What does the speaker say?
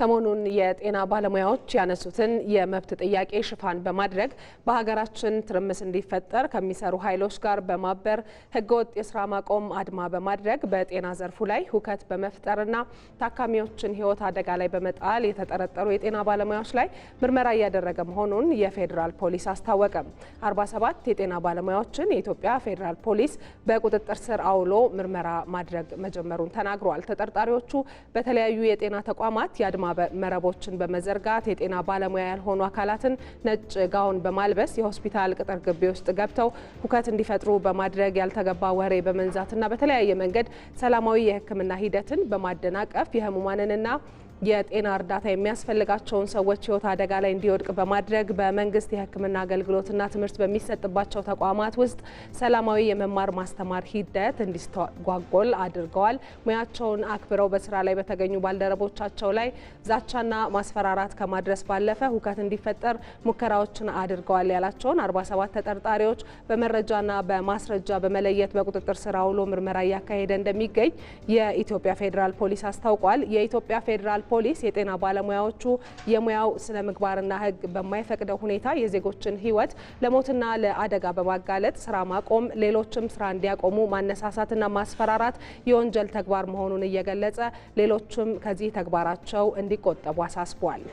ሰሞኑን የጤና ባለሙያዎች ያነሱትን የመብት ጥያቄ ሽፋን በማድረግ በሀገራችን ትርምስ እንዲፈጠር ከሚሰሩ ኃይሎች ጋር በማበር ህገወጥ የስራ ማቆም አድማ በማድረግ በጤና ዘርፉ ላይ ሁከት በመፍጠርና ታካሚዎችን ህይወት አደጋ ላይ በመጣል የተጠረጠሩ የጤና ባለሙያዎች ላይ ምርመራ እያደረገ መሆኑን የፌዴራል ፖሊስ አስታወቀ። 47 የጤና ባለሙያዎችን የኢትዮጵያ ፌዴራል ፖሊስ በቁጥጥር ስር አውሎ ምርመራ ማድረግ መጀመሩን ተናግሯል። ተጠርጣሪዎቹ በተለያዩ የጤና ተቋማት የአድማ መረቦችን በመዘርጋት የጤና ባለሙያ ያልሆኑ አካላትን ነጭ ጋውን በማልበስ የሆስፒታል ቅጥር ግቢ ውስጥ ገብተው ሁከት እንዲፈጥሩ በማድረግ ያልተገባ ወሬ በመንዛትና በተለያየ መንገድ ሰላማዊ የሕክምና ሂደትን በማደናቀፍ የህሙማንንና የጤና እርዳታ የሚያስፈልጋቸውን ሰዎች ህይወት አደጋ ላይ እንዲወድቅ በማድረግ በመንግስት የህክምና አገልግሎትና ትምህርት በሚሰጥባቸው ተቋማት ውስጥ ሰላማዊ የመማር ማስተማር ሂደት እንዲስተጓጎል አድርገዋል። ሙያቸውን አክብረው በስራ ላይ በተገኙ ባልደረቦቻቸው ላይ ዛቻና ማስፈራራት ከማድረስ ባለፈ ሁከት እንዲፈጠር ሙከራዎችን አድርገዋል ያላቸውን 47 ተጠርጣሪዎች በመረጃና በማስረጃ በመለየት በቁጥጥር ስር አውሎ ምርመራ እያካሄደ እንደሚገኝ የኢትዮጵያ ፌዴራል ፖሊስ አስታውቋል። የኢትዮጵያ ፌዴራል ፖሊስ የጤና ባለሙያዎቹ የሙያው ስነ ምግባርና ሕግ በማይፈቅደው ሁኔታ የዜጎችን ሕይወት ለሞትና ለአደጋ በማጋለጥ ስራ ማቆም፣ ሌሎችም ስራ እንዲያቆሙ ማነሳሳትና ማስፈራራት የወንጀል ተግባር መሆኑን እየገለጸ ሌሎችም ከዚህ ተግባራቸው እንዲቆጠቡ አሳስቧል።